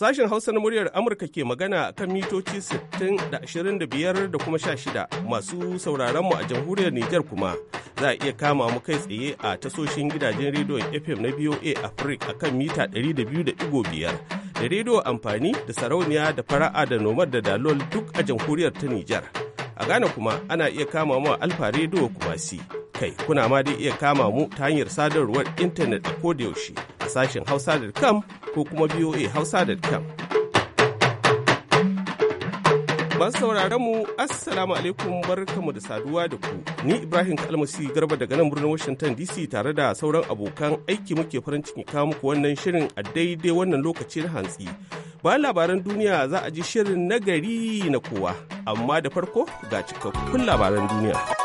Sashen Hausa na muryar Amurka ke magana kan mitoci 60 da 25 da kuma 16 masu sauraron mu a jamhuriyar Nijar kuma za a iya kama mu kai tsaye a tasoshin gidajen rediyon FM na BOA Africa a kan mita 200.5 da rediyo amfani da sarauniya da fara'a da nomad da dalol duk a jamhuriyar ta Nijar. A Ghana kuma ana iya kama mu Alfa Radio Kumasi. Kai, kuna ma dai iya kama mu ta hanyar sadarwar intanet a yaushe a sashen hausa.com ko kuma voa hausa.com. Masu sauraron mu Assalamu alaikum barkamu da saduwa da ku. Ni Ibrahim Kalmasi Garba daga nan birnin Washington DC tare da sauran abokan aiki muke farin ciki kawo muku wannan shirin a daidai wannan lokaci na hantsi. Bayan labaran duniya za a ji shirin nagari na kowa, amma da farko ga cikakkun labaran duniya.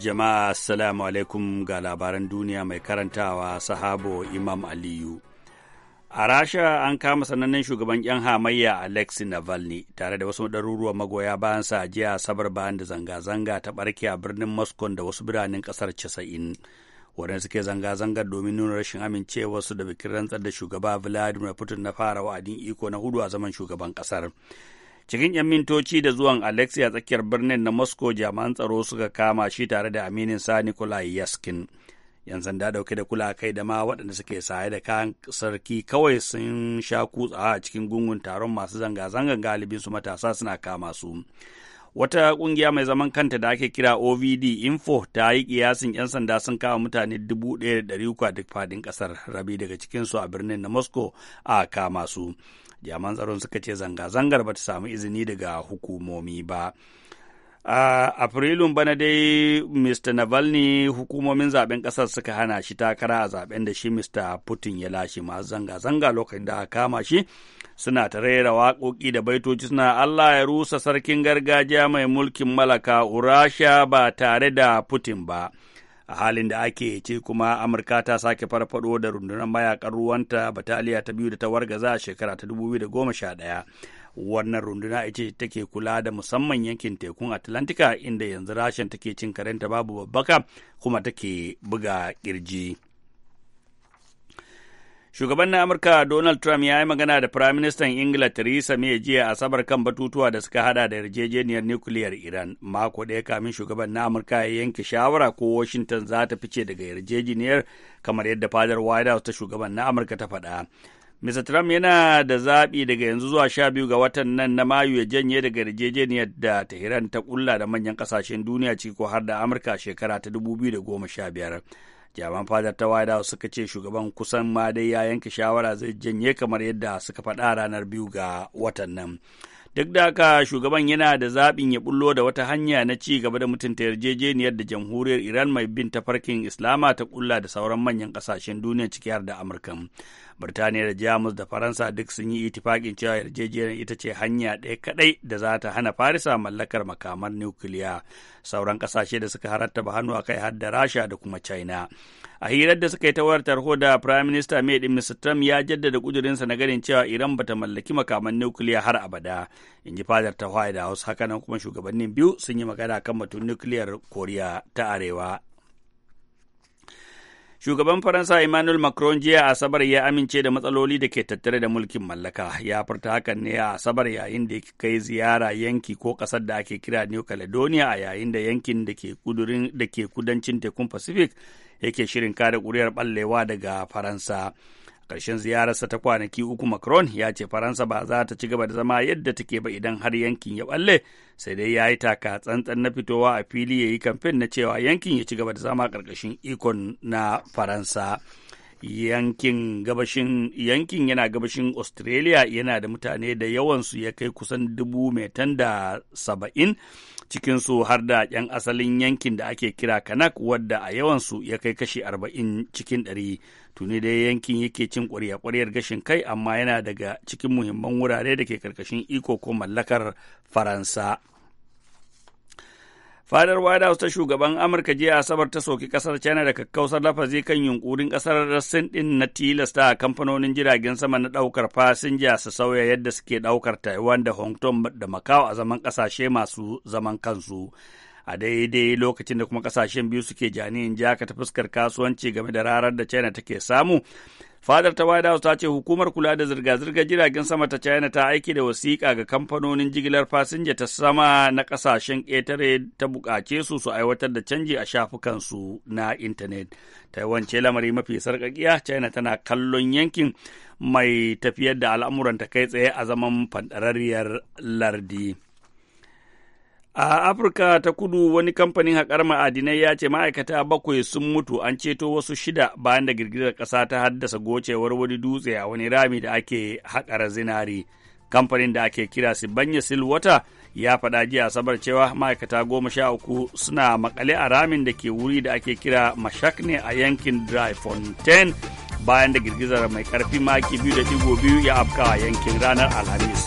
Jama'a Assalamu alaikum ga labaran duniya mai karantawa sahabo Imam Aliyu. A Rasha an kama sanannen shugaban 'yan hamayya Alexei Navalny tare da wasu ɗaruruwan magoya bayan sa jiya sabar bayan da zanga-zanga ta ɓarke a birnin Moscow da wasu biranen ƙasar casa'in. Waɗanda suke zanga-zangar domin nuna rashin amincewarsu da bikin rantsar da shugaba Vladimir Putin na fara wa'adin iko na hudu a zaman shugaban ƙasar. Cikin 'yan mintoci da zuwan alexia tsakiyar birnin na Moscow jami'an tsaro suka kama shi tare da aminin sa Nikolai Yaskin. 'Yan sanda dauke da kula kai da ma waɗanda suke saye da kayan sarki kawai sun sha kutsa a cikin gungun taron masu zanga zangan galibin su matasa suna kama su. Wata ƙungiya mai zaman kanta da ake kira OVD Info ta yi kiyasin 'yan sanda sun kama mutane da 1,300 a duk faɗin ƙasar, rabi daga cikinsu a birnin na Moscow a kama su. Jaman tsaron suka ce zanga-zangar ba ta samu izini daga hukumomi ba. a uh, afrilun bana dai mr navalny hukumomin zaben kasar suka hana shi takara a zaben da shi mr putin ya lashe masu zanga-zanga lokacin da aka kama shi suna ta rera waƙoƙi da baitoci suna Allah ya rusa sarkin gargajiya mai mulkin malaka Urasha ba tare da Putin ba. a halin da ake ce kuma amurka ta sake farfado da rundunar mayakan ruwanta bataliya ta biyu da ta wargaza a shekara ta 2011 wannan runduna ita take kula da musamman yankin tekun atlantika inda yanzu rashin take cin karenta babu babbaka kuma take buga kirji. Shugaban na Amurka Donald Trump ya yi magana da Firaministan Ingila Theresa May jiya Asabar kan batutuwa da suka hada da yarjejeniyar nukiliyar Iran. Mako ɗaya kamin shugaban na Amurka ya yanke shawara ko Washington za ta fice daga yarjejeniyar kamar yadda fadar White House ta shugaban na Amurka ta faɗa. Mr. Trump yana da zaɓi daga yanzu zuwa sha biyu ga watan nan na Mayu ya janye daga yarjejeniyar da Tehran ta ƙulla da manyan ƙasashen duniya ciki ko har da Amurka shekara ta dubu biyu da goma sha biyar. jaman fadar ta wada suka ce shugaban kusan ma dai ya yanke shawara zai janye kamar yadda suka faɗa ranar biyu ga watan nan Duk da haka shugaban yana da zaɓin ya bullo da wata hanya na ci gaba da mutunta yarjejeniyar da jamhuriyar Iran mai bin tafarkin Islama ta kulla da sauran manyan ƙasashen duniya ciki har da Amurka. Birtaniya da Jamus da Faransa duk sun yi itifakin cewa yarjejeniyar ita ce hanya ɗaya kaɗai da za ta hana Farisa mallakar makaman nukiliya. Sauran ƙasashe da suka harattaba hannu a kai har da Rasha da kuma China. A hirar da suka yi ta wayar tarho da Prime Minister May din Mr. Trump ya jaddada kudurinsa na ganin cewa Iran bata mallaki makaman nukiliya har abada. In ji fadar ta White House hakanan kuma shugabannin biyu sun yi magana kan batun nukiliyar Koriya ta Arewa shugaban faransa emmanuel macron jiya asabar ya amince da matsaloli da ke tattare da mulkin mallaka ya furta hakan ne a asabar yayin da kai ziyara yanki ko kasar da ake kira new caledonia a yayin da yankin da ke kudancin tekun pacific yake shirin kare kuri'ar ɓallewa daga Faransa. Ƙarshen ziyararsa ta kwanaki uku Macron ya ce Faransa ba za ta ci gaba da zama yadda take ba idan har yankin ya ɓalle, sai dai ya yi taka tsantsan na fitowa a fili ya yi kamfen na cewa yankin ya ci gaba da zama ƙarƙashin ikon na Faransa. yankin gabashin yankin yana gabashin australia yana da mutane da yawansu ya kai kusan dubu mai da saba'in cikinsu har da 'yan asalin yankin da ake kira kanak wadda a yawansu ya kai kashi 40 cikin 100 tuni dai yankin yake cin ƙwarya-ƙwaryar gashin kai amma yana daga cikin muhimman wurare da ke karkashin iko ko mallakar faransa Fadar White House ta shugaban Amurka jiya Asabar ta soki kasar China da kakkausar lafazi kan yunkurin kasar Sin din na tilasta a kamfanonin jiragen sama na daukar fasinja su sauya yadda suke daukar Taiwan da Hong Kong da Macau a zaman kasashe masu zaman kansu. a daidai lokacin da kuma kasashen biyu suke janiyin jaka ta fuskar kasuwanci game da rarar da china take samu fadar ta White House ta ce hukumar kula da zirga-zirgar jiragen sama ta China ta aiki da wasiƙa ga kamfanonin jigilar fasinja ta sama na ƙasashen ƙetare ta buƙace su su aiwatar da canji a shafukansu na intanet. Taiwan ce lamari mafi sarƙaƙiya China tana kallon yankin mai tafiyar da al'amuran ta kai tsaye a zaman fanɗararriyar lardi. A Afirka ta kudu wani kamfanin haƙar ma'adinai ya ce ma'aikata bakwai sun mutu an ceto wasu shida bayan da girgizar ƙasa ta haddasa gocewar wani dutse a wani rami da ake haƙar zinari. Kamfanin da ake kira Sibanya Silwata ya faɗa jiya Asabar cewa ma'aikata goma sha uku suna makale a ramin da ke wuri da ake kira Mashakne a yankin Dry Fontaine bayan da girgizar mai ƙarfi maki biyu da digo biyu ya afka a yankin ranar Alhamis.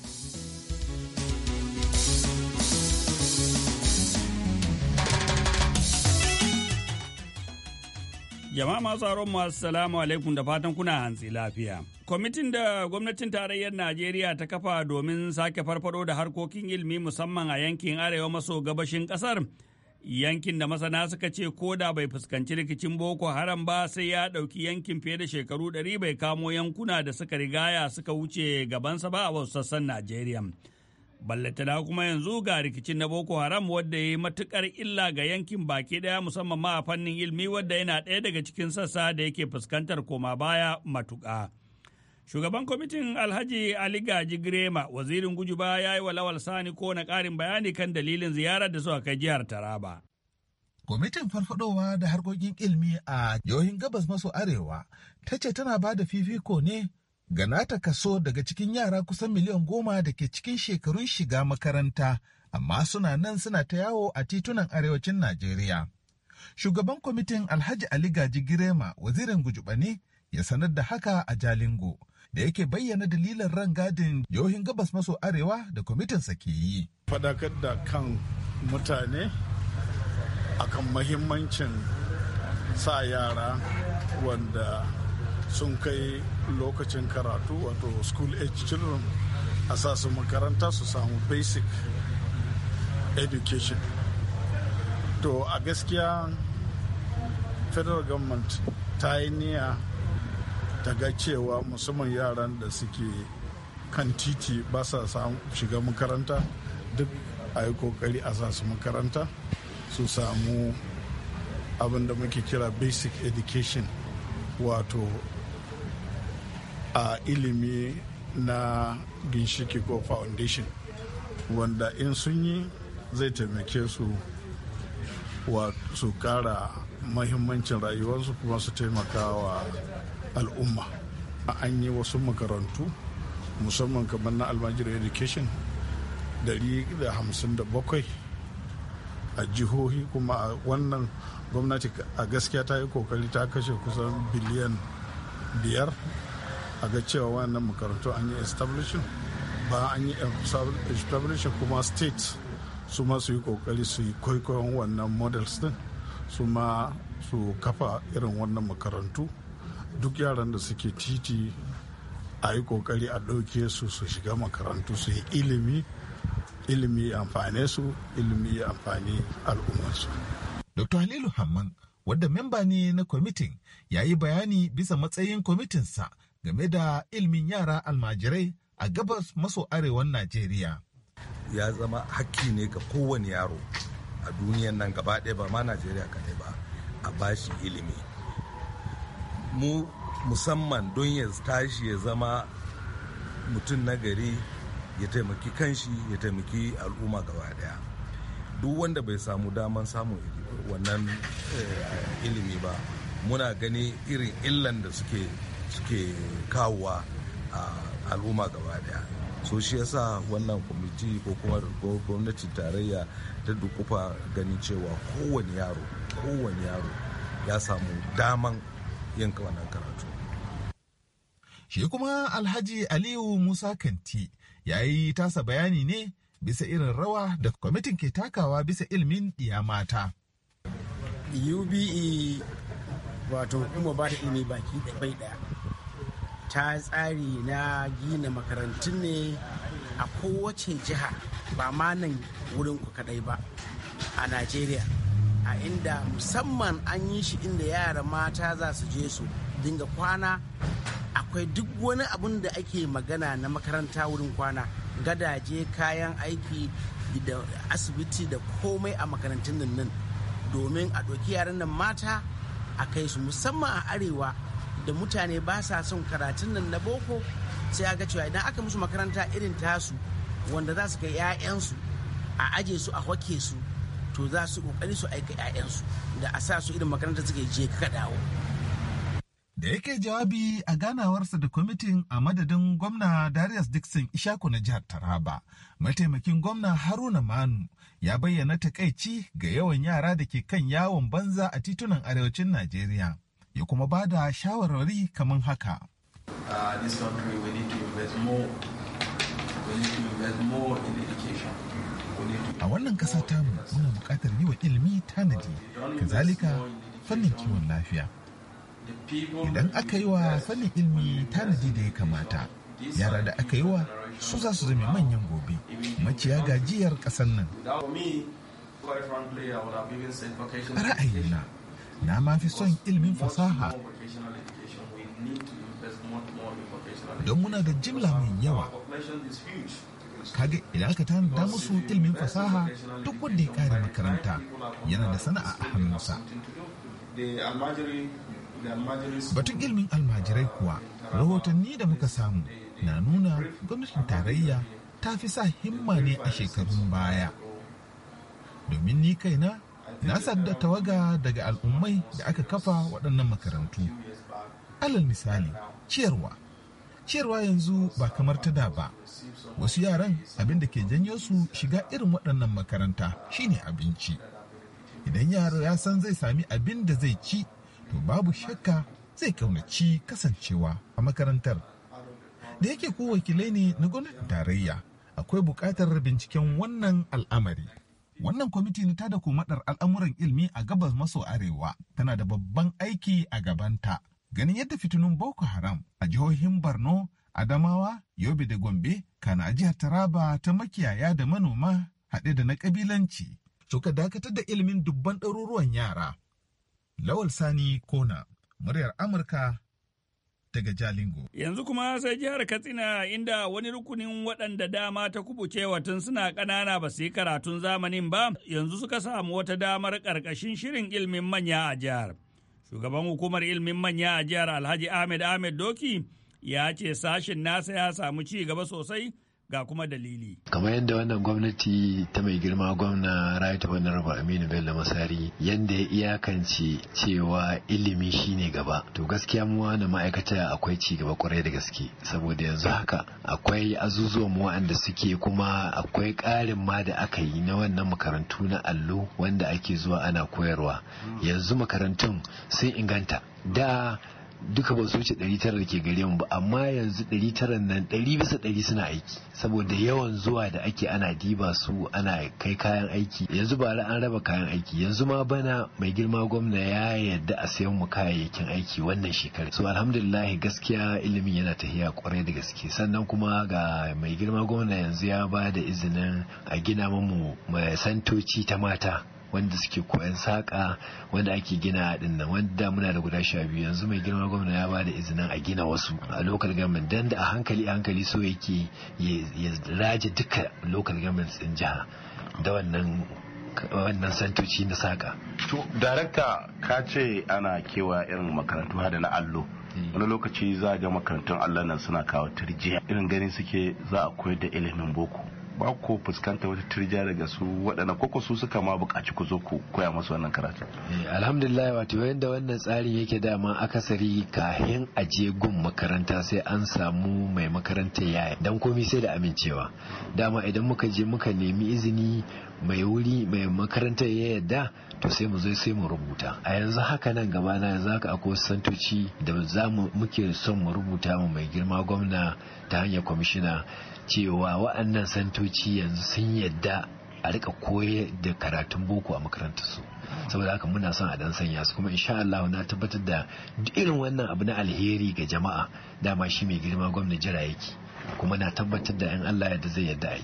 Jama'a masu tsaron masu salamu alaikum da fatan kuna hantsi lafiya. Kwamitin da gwamnatin tarayyar Najeriya ta kafa domin sake farfado da harkokin ilimi musamman a yankin arewa maso gabashin kasar. Yankin da masana suka ce ko da bai fuskanci rikicin Boko Haram ba sai ya ɗauki yankin fiye da shekaru ɗari bai kamo yankuna da suka rigaya suka wuce gabansa ba a wasu sassan Najeriya. ballatana kuma yanzu ga rikicin na boko haram wadda ya yi matukar illa ga yankin baki daya musamman ma a fannin ilmi wadda yana ɗaya daga cikin sassa da yake fuskantar koma baya matuƙa shugaban kwamitin alhaji ali gaji grema wazirin gujuba ya yi wa lawal sani ko na ƙarin bayani kan dalilin ziyarar da suka kai jihar taraba kwamitin farfadowa da harkokin ilmi a jihohin gabas maso arewa ta ce tana ba da fifiko ne ga nata kaso daga cikin yara kusan miliyan goma da ke cikin shekarun shiga makaranta amma suna nan suna ta yawo a titunan arewacin najeriya shugaban kwamitin alhaji ali gaji girema wazirin gujubani ya sanar da haka a jalingo da yake bayyana dalilan rangadin yohin gabas maso arewa da kwamitinsa ke yi fadakar da kan mutane akan mahimmancin sa yara wanda sun kai lokacin karatu wato school age children a sa su makaranta su samu basic education to a gaskiya federal government ta yi niya ta ga cewa musamman yaran da suke kan titi ba sa shiga makaranta duk a yi kokari a sa su makaranta su samu abin da muke kira basic education wato a ilimi na ginshiki ko foundation wanda in sun yi zai taimake su su kara mahimmancin rayuwarsu kuma su taimaka wa al'umma an yi wasu makarantu musamman kamar na almajiri education 157 a jihohi kuma a wannan gwamnati a gaskiya ta yi kokari ta kashe kusan biliyan biyar a ga cewa wannan makarantu an yi establishing ba an yi establishing kuma state su ma su yi kokari su yi kwaikwayon wannan models din su ma su kafa irin wannan makarantu duk yaran da suke titi a yi kokari a ɗauke su su shiga makarantu su yi ilimi ilimi ya amfane su ilimi ya amfani al'ummarsu. Dr. Halilu Hamman wadda memba ne na kwamitin ya yi bayani bisa matsayin kwamitinsa game da ilmin yara almajirai a gabas maso arewan Najeriya. Ya zama hakki ne ga kowane yaro a duniyan nan gaba ɗaya ba ma Najeriya kaɗai ba a bashi ilimi. Mu musamman don ya tashi ya zama mutum na gari ya taimaki kanshi ya taimaki al'umma gaba ɗaya. Duk wanda bai samu daman samun wannan eh, ilimi ba muna gani irin illan da suke suke kawowa a al'umma gaba daya so shi yasa wannan kwamiti ko kuma gwamnati tarayya ta dukufa ganin cewa kowane yaro kowane yaro ya samu daman yin wannan karatu shi kuma alhaji aliyu musa kanti ya yi tasa bayani ne bisa irin rawa da kwamitin ke takawa bisa ilimin ɗiya mata ube wato kuma ba ta ilimi baki ɗaya ta tsari na gina makarantun ne a kowace jiha ba ma nan wurin ku kadai ba a najeriya a inda musamman an yi shi inda yara mata za su je su dinga kwana akwai duk wani abun da ake magana na makaranta wurin kwana gadaje kayan aiki da asibiti da komai a makarantun nan domin a ɗauki yaran nan mata a kai su musamman a arewa da mutane ba sa son karatun nan na boko sai ya ga cewa idan aka musu makaranta irin tasu wanda za su kai 'ya'yansu a aje su a hoke su to za su kokari su aika 'ya'yansu da a sa su irin makaranta suke je ka dawo da yake jawabi a ganawarsa da kwamitin a madadin gwamna darius dixon ishaku na jihar taraba mataimakin gwamna haruna manu ya bayyana takaici ga yawan yara da ke kan yawon banza a titunan arewacin najeriya ya kuma ba da shawarwari kamar haka. A wannan ƙasa tamu muna buƙatar yi wa ilimi tanadi, kazalika fannin kiwon lafiya. Idan aka yi wa fannin ilimi tanadi da ya kamata, yara da aka yi wa su za su zama manyan gobe, maciya gajiyar ƙasar nan. ra'ayina, na ma fi son ilimin fasaha don muna da jimla mai yawa kaga idan aka tanada musu ilimin fasaha duk wanda ya kare makaranta yana da sana'a a hannunsa batun ilimin almajirai kuwa rahotanni da muka samu na nuna gwamnatin tarayya ta fi sa himma ne a shekarun baya domin ni kaina na sadda tawaga daga al'ummai da aka kafa waɗannan makarantu alal misali ciyarwa ciyarwa yanzu ba kamar ta da ba wasu yaran abin da ke janyo su shiga irin waɗannan makaranta shine abinci idan yaro ya san zai sami abin da zai ci to babu shakka zai kaunaci kasancewa a makarantar da yake ko wakilai ne na gwamnatin tarayya akwai buƙatar binciken wannan al'amari wannan kwamiti na tada komadar al'amuran ilmi a gabas maso arewa tana da babban aiki a gabanta ganin yadda fitinun boko haram a jihohin borno adamawa yobe da gombe kana a jihar taraba ta makiyaya da manoma haɗe da na ƙabilanci suka dakatar da ilimin dubban ɗaruruwan yara lawal sani kona muryar amurka daga Jalingo. Yanzu kuma sai jihar Katsina inda wani rukunin waɗanda dama ta kubuce tun suna ƙanana ba su yi karatun zamanin ba yanzu suka samu wata damar ƙarƙashin shirin ilmin manya a jihar. Shugaban hukumar ilmin manya a jihar Alhaji Ahmed Ahmed Doki ya ce sashen nasa ya samu ci gaba sosai ga kuma dalili. Kamar yadda wannan gwamnati ta mai girma gwamna Right Honorable Aminu Bello Masari yadda ya iyakance cewa ilimi shine gaba. To gaskiya mu na ma'aikata akwai ci gaba kwarai da gaske saboda yanzu haka akwai azuzuwa mu wanda suke kuma akwai ƙarin ma da aka yi na wannan makarantu na allo wanda ake zuwa ana koyarwa. Hmm. Yanzu makarantun sun inganta. Da duka ba su wuce 900 da ke gare mu ba amma yanzu 900 nan 100 bisa 100 suna aiki saboda yawan zuwa da ake ana diba su ana kai kayan aiki yanzu ba an raba kayan aiki yanzu ma bana mai girma gwamna ya yadda a sayan mu kayayyakin aiki wannan shekara so alhamdulillah gaskiya ilimin yana tahiya kwarai da gaske sannan kuma ga mai girma gwamna yanzu ya ba da izinin a gina mu santoci ta mata wanda suke koyan saƙa wanda ake gina haɗin nan wanda muna da guda sha biyu yanzu mai girma gwamna ya bada izinin a gina wasu a local government dan da a hankali a hankali so yake ya raje duka local government din jiha da wannan wannan santoci na saƙa. to darakta ka ce ana kewa irin makarantu hada na allo eh. wani lokaci za ga makarantun allah nan suna kawo tarjiya irin gani suke za a koyar da ilimin boko ba ko fuskanta wata turja daga su waɗannan koko su suka ma buƙaci ku zo ku koya masu wannan karatu eh, alhamdulillah wato yadda wannan tsarin yake dama akasari kahin aje gun makaranta sai an samu mai makaranta yaya dan komi sai da amincewa dama idan muka je muka nemi izini mai wuri mai makaranta ya yadda to sai mu zo sai mu rubuta a yanzu haka nan gaba na yanzu haka akwai santoci da za mu muke son mu rubuta mu mai girma gwamna ta hanyar kwamishina cewa wa'annan santoci yanzu sun yadda a rika koyar da karatun boko a makarantar su saboda haka muna son a dan sanya su kuma insha Allah na tabbatar da irin wannan abu na alheri ga jama'a dama shi mai girma gwamnati jira yake kuma na tabbatar da in Allah yadda zai yadda a yi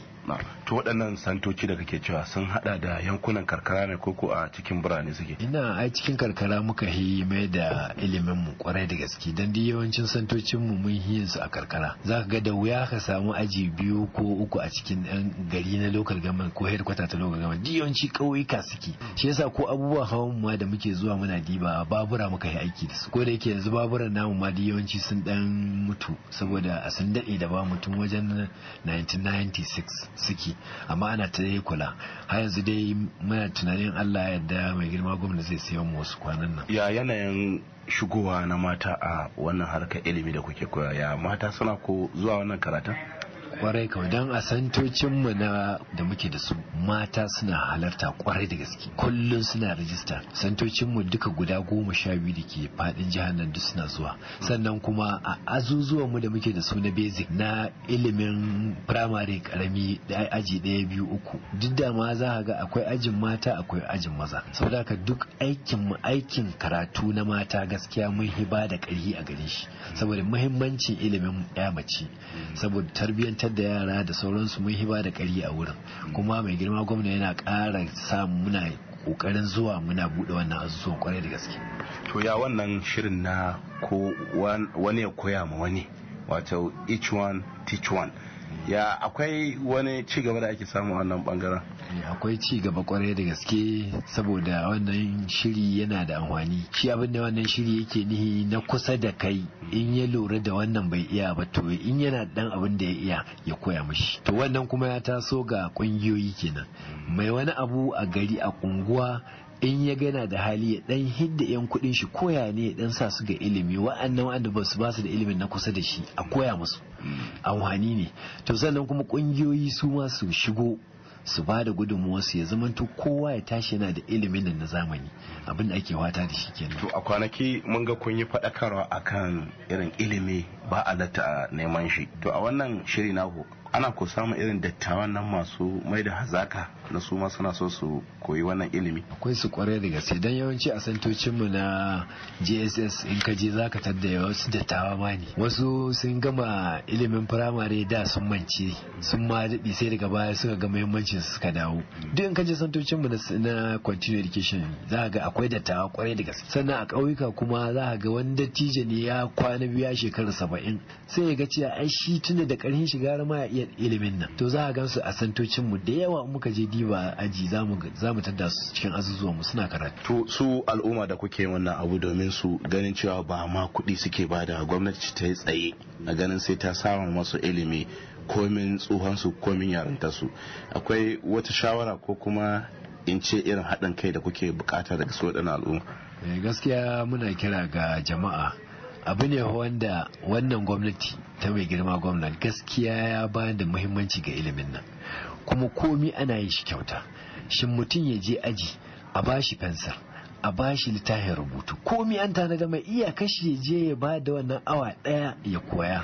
to waɗannan santoci da kake cewa sun hada da yankunan karkara ne koko a cikin birane suke ina ai cikin karkara muka yi mai da ilimin mu kwarai da gaske dan da yawancin santocin mu mun yi su a karkara zaka ga da wuya ka samu aji biyu ko uku a cikin ɗan gari na local government ko headquarter ta local government duk yawanci ƙauyuka suke shi yasa ko abubuwa hawan ma da muke zuwa muna diba babura muka yi aiki da su ko da yake yanzu baburan namu ma duk yawanci sun dan mutu saboda sun daɗe da ba mutum wajen 1996 suke amma ana ta yi kula har yanzu dai muna tunanin Allah ya yarda mai girma gwamna zai sayo mu wasu kwanan nan ya yanayin shigowa na mata a wannan harkar ilimi da kuke koya ya mata suna ko zuwa wannan karatun kwarai kawai don a santocinmu na da muke da su mata suna halarta kwarai da gaske kullum suna rajista santocinmu duka guda goma sha biyu da ke fadin jihar nan duk suna zuwa sannan kuma a azuzuwanmu da muke da su na basic na ilimin primary karami da aji daya biyu uku duk da ma za ga akwai ajin mata akwai ajin maza saboda ka duk aikin mu aikin karatu na mata gaskiya mun hiba da karhi a gare shi saboda muhimmancin ilimin ya mace saboda tarbiyyar karantar da yara da sauransu mun hiba da kari a wurin kuma mai girma gwamna yana ƙara sa muna kokarin zuwa muna buɗe wannan azuzuwan kwarai da gaske to ya wannan shirin na ko wani ya koya ma wani wato each one teach one ya akwai wani ci gaba da ake samu wannan bangaren Eh, akwai ci gaba kwarai da gaske saboda wannan shiri yana da amfani shi abin da wannan shiri yake nihi na kusa da kai in ya lura da wannan bai iya ba to in yana dan abin da ya iya ya koya mishi to wannan kuma ya taso ga kungiyoyi kenan mai wani abu a gari a unguwa. in ya gana da hali ya dan hidda yan kudin shi koya ne ya dan sa su ga ilimi wa'annan wa'anda ba su ba su da ilimin na kusa da shi a koya musu hmm. amfani ne to sannan kuma kungiyoyi su ma su shigo su ba da su ya zamanto kowa ya tashi yana da ilimin nan na zamani abin da ake wata da shi kenan to a kwanaki mun ga kun yi faɗakarwa akan irin ilimi ba a a neman shi to a wannan shiri naku ana ku samu irin dattawan nan masu mai da hazaka na su ma suna so su koyi wannan ilimi akwai su kwarai da gaske dan yawanci a santocinmu na jss in ka je zaka tadda wasu dattawa ma ne wasu sun gama ilimin firamare da sun mance sun ma daɗi sai daga baya suka ga muhimmancin suka dawo duk in ka je santocinmu na continuing education za ga akwai dattawa kwarai da gaske sannan a ƙauyuka kuma za ga wani dattijo ne ya kwana biya shekaru saba'in arba'in sai ya ga cewa ai shi tunda da ƙarfin shiga ma ya ilimin nan to za a gansu a santocin mu da yawa muka je diba aji zamu mu tada su cikin azuzuwa mu suna karatu to su al'umma da kuke wannan abu domin su ganin cewa ba ma kuɗi suke bada gwamnati ta yi tsaye na ganin sai ta samu masu ilimi komin tsohonsu komin yarantarsu akwai wata shawara ko kuma in ce irin haɗin kai da kuke bukata daga su waɗannan al'umma eh, gaskiya muna kira ga jama'a abu ne wanda wannan gwamnati ta mai girma gwamna gaskiya ya ba da muhimmanci ga ilimin nan kuma komi ana yin shi kyauta shin mutum ya je aji a bashi fensir a bashi littafin rubutu komi an da mai iya kashi ya je ya ba da wannan awa daya ya koya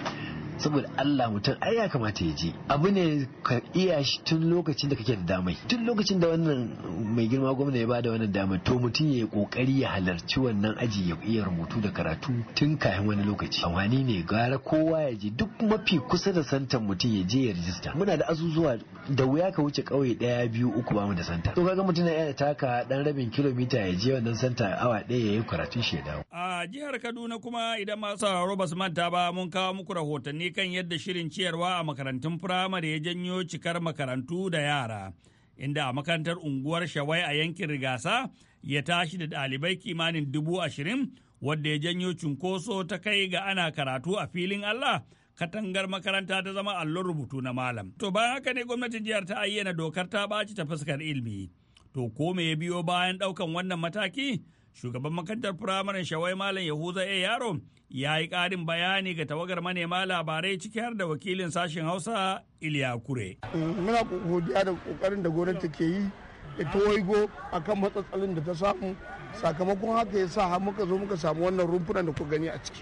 saboda Allah mutum ai ya kamata ya je abu ne ka iya shi tun lokacin da kake da damai tun lokacin da wannan mai girma gwamna ya bada wannan damar to mutum ya yi kokari ya halarci wannan aji ya iya rubutu da karatu tun kafin wani lokaci amfani ne gara kowa ya je duk mafi kusa da santan mutum ya je ya rijista muna da azuzuwa da wuya ka wuce kauye daya biyu uku bamu da santa to kaga mutum ya taka dan rabin kilomita ya je wannan santa awa daya ya yi karatun shi ya dawo a jihar Kaduna kuma idan masu sauraro ba su manta ba mun kawo muku rahotanni kan yadda shirin ciyarwa a makarantun firamare ya janyo cikar makarantu da yara, inda a makarantar unguwar Shawai a yankin Rigasa ya tashi da ɗalibai kimanin dubu ashirin wadda ya janyo cunkoso ta kai ga ana karatu a filin Allah. katangar makaranta ta zama allon rubutu na malam. To bayan haka ne gwamnatin jihar ta ayyana dokar ta ɓaci ta fuskar ilimi. To ko me ya biyo bayan ɗaukan wannan mataki? shugaban makarantar firamaren shawai malam yahuza a yaro ya yi karin bayani ga tawagar manema labarai ciki har da wakilin sashen hausa iliya kure eh, muna godiya da kokarin da gwamnati ke yi da ta waigo a kan matsatsalin da ta samu sakamakon haka ya sa muka zo muka samu wannan rumfunan da ku gani a ciki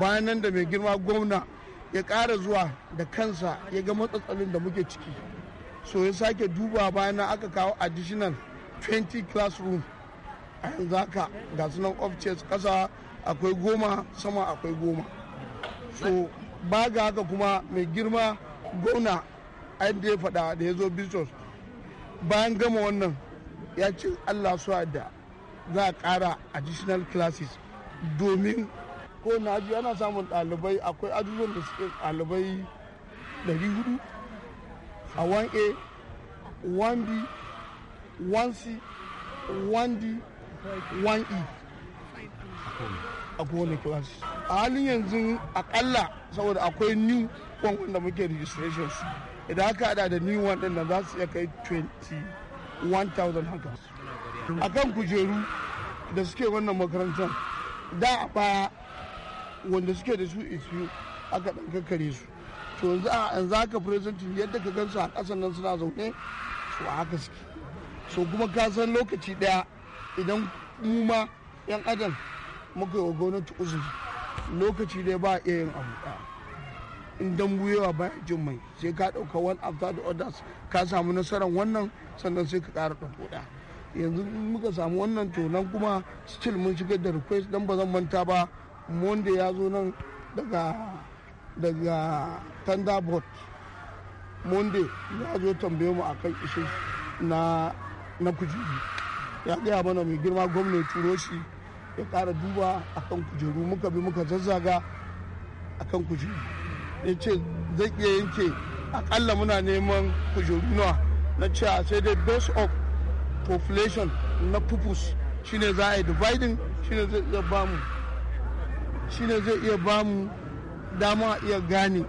bayan nan da mai girma gwamna ya kara zuwa da kansa ya ga matsatsalin da muke ciki so ya sake duba bayan aka kawo additional 20 classroom a yanzu haka ga sunan ofices kasa akwai goma sama akwai goma so ba ga haka kuma mai girma gona yadda ya faɗa da ya zo bistos bayan gama wannan ya ce allah su da za a ƙara additional classes domin ko na aji ana samun ɗalibai akwai ajujuwan da suke ɗalibai 400 a 1a 1b 1c 1d 1e e. a kowane class a halin yanzu akalla saboda akwai new one wanda muke registrations idan aka hada da new one din da za su iya kai 21,000 haka kan kujeru da suke wannan makarantar da a baya wanda suke da su isu aka dan kakkare su to yanzu aka presentin yadda ka gansu a kasan nan suna zaune su a haka suke so kuma ka san lokaci daya idan mu ma 'yan adam muka yi wa gwamnati uzuri lokaci dai ba iya yin abu ɗaya in dan buyewa ba jin mai sai ka ɗauka one after the others ka samu nasarar wannan sannan sai ka kara ɗauko da yanzu muka samu wannan to nan kuma still mun shiga da request dan ba zan manta ba monday ya zo nan daga daga thunderbolt monday ya zo tambaye mu akan ishe na na kujeru ya gaya mana mai girma gwamnati turo shi ya kara duba akan kujeru muka bi muka zazzaga akan kujeru ya ce zai iya yanke akalla muna neman kujeru nawa na cewa sai dai base of population na pupus shine za a yi dividing shine zai iya bamu shine zai iya bamu dama iya gane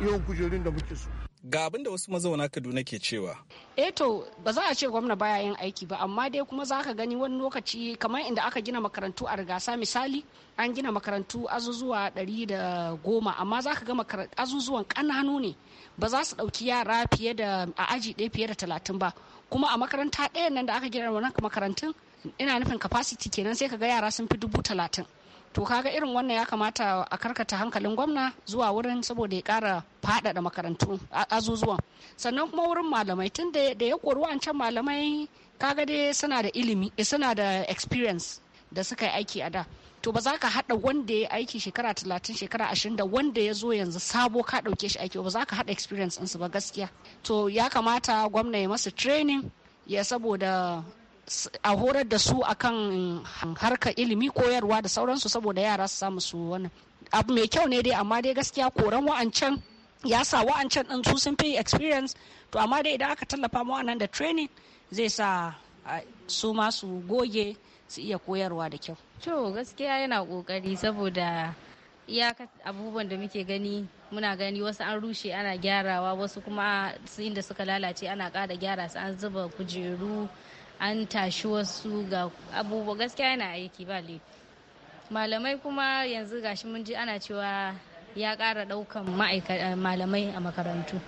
yawan kujerun da muke so ga abin da wasu mazauna kaduna ke cewa eto eh to ba za a ce gwamna baya yin aiki ba amma dai kuma za ka gani wani lokaci kamar inda aka gina makarantu a rigasa misali an gina makarantu azuzuwa ɗari da goma amma za ka ga azuzuwan ƙananu ne ba za su ɗauki yara fiye da a aji ɗaya fiye da talatin ba kuma a makaranta ɗayan nan da aka gina wannan makarantun ina nufin capacity kenan sai ka ga yara sun fi dubu talatin to kaga irin wannan ya kamata a karkata hankalin gwamna zuwa wurin saboda ya kara faɗaɗa makarantu azuzuwan sannan kuma wurin malamai tun da ya koru an can malamai kaga dai suna da ilimi eh, suna da experience da suka yi aiki a da to ba za ka haɗa wanda ya aiki shekara talatin shekara ashirin da wanda ya zo yanzu sabo ka ɗauke shi aiki ba za ka haɗa experience ɗinsu ba gaskiya to ya kamata gwamna ya masu training ya saboda a horar da su akan harkar ilimi koyarwa da sauransu saboda yara su samu su wani abu mai kyau ne dai amma dai gaskiya koran wa'ancan ya sa wa'ancan ɗin su sun fi experience to amma dai idan aka tallafa wa'annan da training zai sa su masu goge su iya koyarwa da kyau to gaskiya yana kokari saboda iyaka abubuwan da muke gani muna gani wasu an rushe ana gyarawa wasu kuma inda suka lalace ana ƙara gyara su an zuba kujeru an tashi wasu ga abubuwa gaskiya yana aiki ba laifi malamai kuma yanzu gashi mun ji ana cewa ya ƙara ɗaukan eh, malamai a makarantu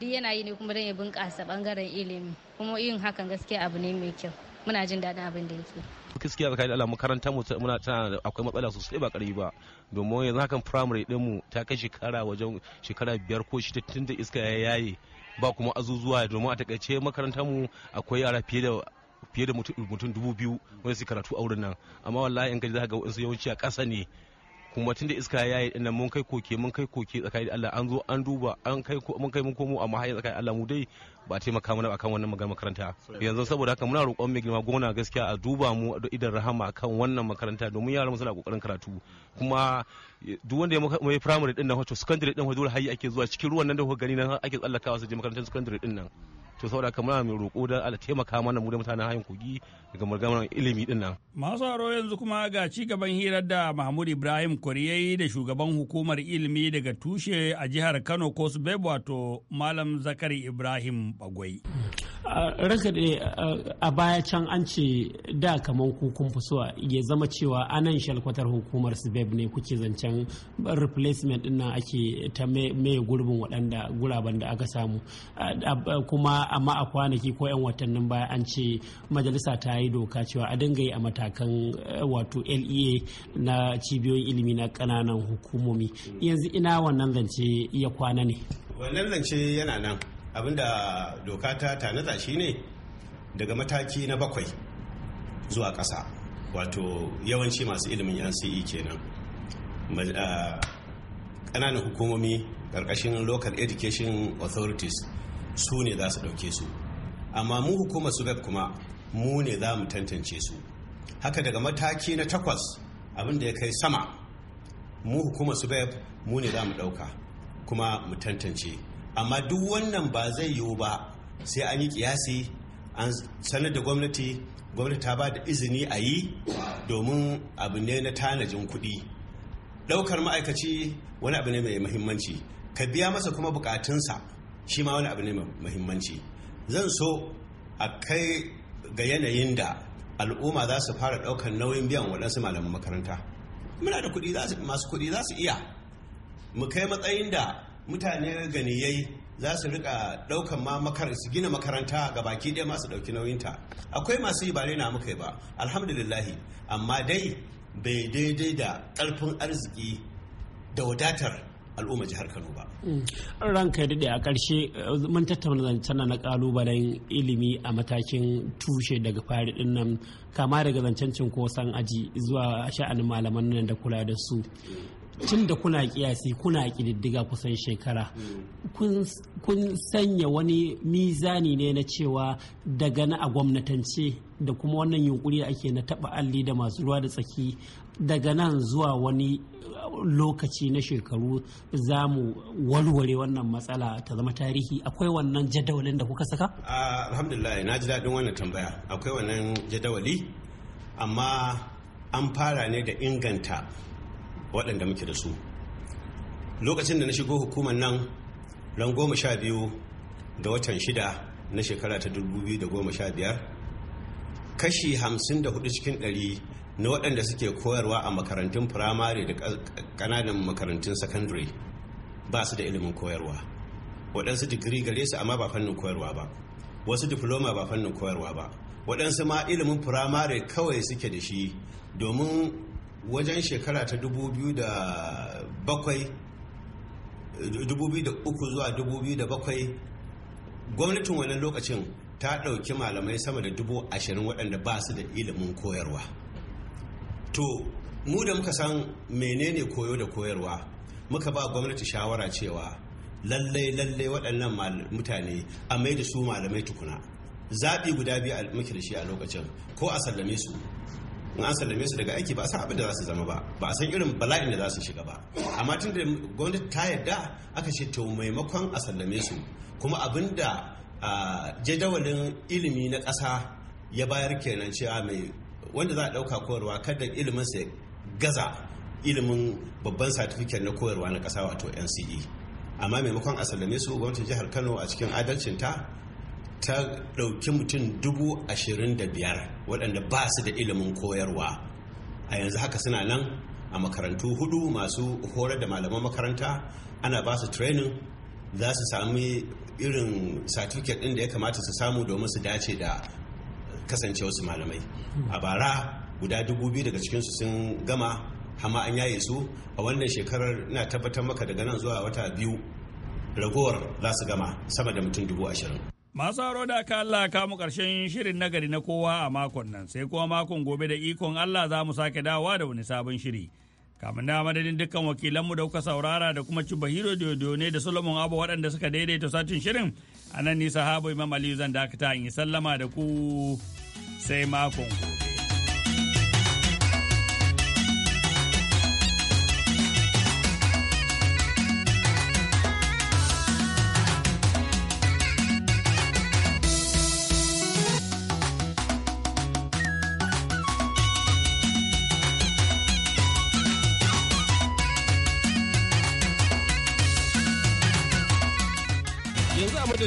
duk yana yi ne kuma don ya bunƙasa ɓangaren ilimi kuma yin hakan gaskiya abu ne mai kyau muna jin daɗin abin da yake gaskiya tsakanin Allah makaranta mu muna tana akwai matsala sosai ba ƙarfi ba domin yanzu hakan primary din mu ta kai shekara wajen shekara biyar ko shida tun da iska ya yaye ba kuma azuzuwa domin a takaice makarantar mu akwai yara fiye da fiye da mutum dubu biyu wanda su karatu a wurin nan amma wallahi in gaji za ga wasu yawanci a ƙasa ne kuma tun da iska ya yi dinnan mun kai koke mun kai koke tsakanin Allah an zo an duba an kai mun kai mun komo amma hayin tsakanin Allah mu dai ba taimaka mana akan wannan magana makaranta yanzu saboda haka muna roƙon mai girma gona gaskiya a duba mu da idan rahama akan wannan makaranta domin yaran mu suna kokarin karatu kuma duk wanda ya mai primary din nan wato secondary din wato hayi ake zuwa cikin ruwan nan da kuka gani nan ake tsallakawa su je makarantar secondary din nan to saboda haka muna mai roƙo da ala taimaka mana mu da mutanen hayin kogi daga margamar ilimi din nan masu haro yanzu kuma ga ci gaban hirar da Mahmud Ibrahim Kuriyayi da shugaban hukumar ilimi daga tushe a jihar Kano ko bai wato Malam Zakari Ibrahim Bagwai raka a baya can an ce da kamar kukun kun ya zama cewa anan shalkwatar hukumar sbeb ne kuke zancen replacement din nan ake ta mai gurbin waɗanda guraben da aka samu kuma amma a kwanaki ko 'yan watannin baya an ce majalisa ta yi doka cewa a dinga yi a matakan eh, wato lea na cibiyoyin ilimi na kananan hukumomi yanzu ina wannan zance ya kwana ne wannan zance yana nan abinda doka ta tanada shi ne daga mataki na bakwai zuwa ƙasa wato yawanci masu ilimin nce kenan ah, ƙananan hukumomi ƙarƙashin local education authorities su ne za su ɗauke su amma mu hukumar su kuma mu ne za mu tantance su haka daga mataki na takwas abinda ya kai sama mu hukumar su mu ne za mu ɗauka kuma mu tantance amma duk wannan ba zai yiwu ba sai an yi kiyasi an sanar da gwamnati gwamnati ta ba da izini a yi domin abu ne na tanajin kuɗi ɗaukar ma'aikaci wani abu ne mai muhimmanci ka biya masa kuma bukatunsa shi ma wani abu ne muhimmanci zan so a kai ga yanayin da al'umma za su fara ɗaukar nauyin biyan waɗansu malaman makaranta muna da kuɗi masu kuɗi za su iya mu kai matsayin da mutane ganiyai za su rika daukan ma makaranta su gina makaranta ga baki ɗaya masu ɗauki nauyinta akwai masu yi ba na muka yi ba alhamdulillahi amma dai bai daidai da ƙarfin arziki da wadatar al'umma jihar Kano ba. Mm. Ranka ya daɗe a ƙarshe eh, mun tattauna zancen na kalubalen ilimi a matakin tushe daga fari ɗin nan kama daga zancen cinkoson aji zuwa sha'anin malaman nan da kula da su. Mm. tun da kuna kiyasi kuna kididdiga kusan shekara mm. kun sanya wani mizani ne na cewa daga na a gwamnatance da kuma wannan yunkuri ake na taba alli da masu ruwa da tsaki daga nan zuwa wani uh, lokaci na shekaru za mu walware wannan matsala ta zama tarihi akwai wannan jadawalin da kuka saka? Ah, alhamdulillah na ji daɗin wannan tambaya akwai wannan jadawali amma an fara ne da inganta waɗanda muke da su lokacin da na shigo hukumar nan ran goma sha biyu da watan shida na shekara ta dubu biyu da goma sha biyar kashi hamsin da hudu cikin ɗari na waɗanda suke koyarwa a makarantun firamare da ƙananan makarantun secondary ba su da ilimin koyarwa waɗansu digiri gare su amma ba fannin koyarwa ba wasu diploma ba fannin koyarwa ba waɗansu ma ilimin firamare kawai suke da shi domin wajen shekara ta 2007 2003 zuwa 2007 gwamnatin wannan lokacin ta ɗauki malamai sama da dubu ashirin waɗanda ba su da ilimin koyarwa to mu da muka san menene koyo da koyarwa muka ba gwamnati shawara cewa lallai lallai waɗannan mutane a mai da su malamai tukuna zaɓi guda biyu muke da shi a lokacin ko a sallame su in an sallame su daga aiki ba a san abin da za su zama ba ba a san irin bala'in da za su shiga ba amma tun da gwamnati ta yarda aka ce to maimakon a sallame su kuma abin da ah, jadawalin ilimi na ƙasa ya bayar kenan cewa mai wanda za a ɗauka koyarwa kada ilimin sa gaza ilimin babban satifiket na koyarwa na ƙasa wato nce amma maimakon a sallame su gwamnatin jihar kano a cikin adalcinta ta ɗauki mutum dubu ashirin da biyar waɗanda ba su da ilimin koyarwa a yanzu haka suna nan a makarantu hudu masu horar da malaman makaranta ana ba su training za su sami irin satifiket ɗin da ya kamata su samu domin su dace da kasance wasu malamai a bara guda dubu biyu daga cikinsu sun gama hama an yaye su a wannan shekarar na tabbatar maka daga nan zuwa wata biyu ragowar za su gama sama da mutum dubu ashirin Masu haro da aka Allah kamu karshen shirin nagari na kowa a makon nan sai kuma makon gobe da ikon Allah za mu sake dawowa da wani sabon shiri. Kamun na madadin dukkan wakilanmu da kuka saurara da kuma Cuba Hiro ne da Solomon Abu waɗanda suka daidaita satin shirin a nan nisa habu Imam Aliyu zan dakata in yi sallama da ku sai makon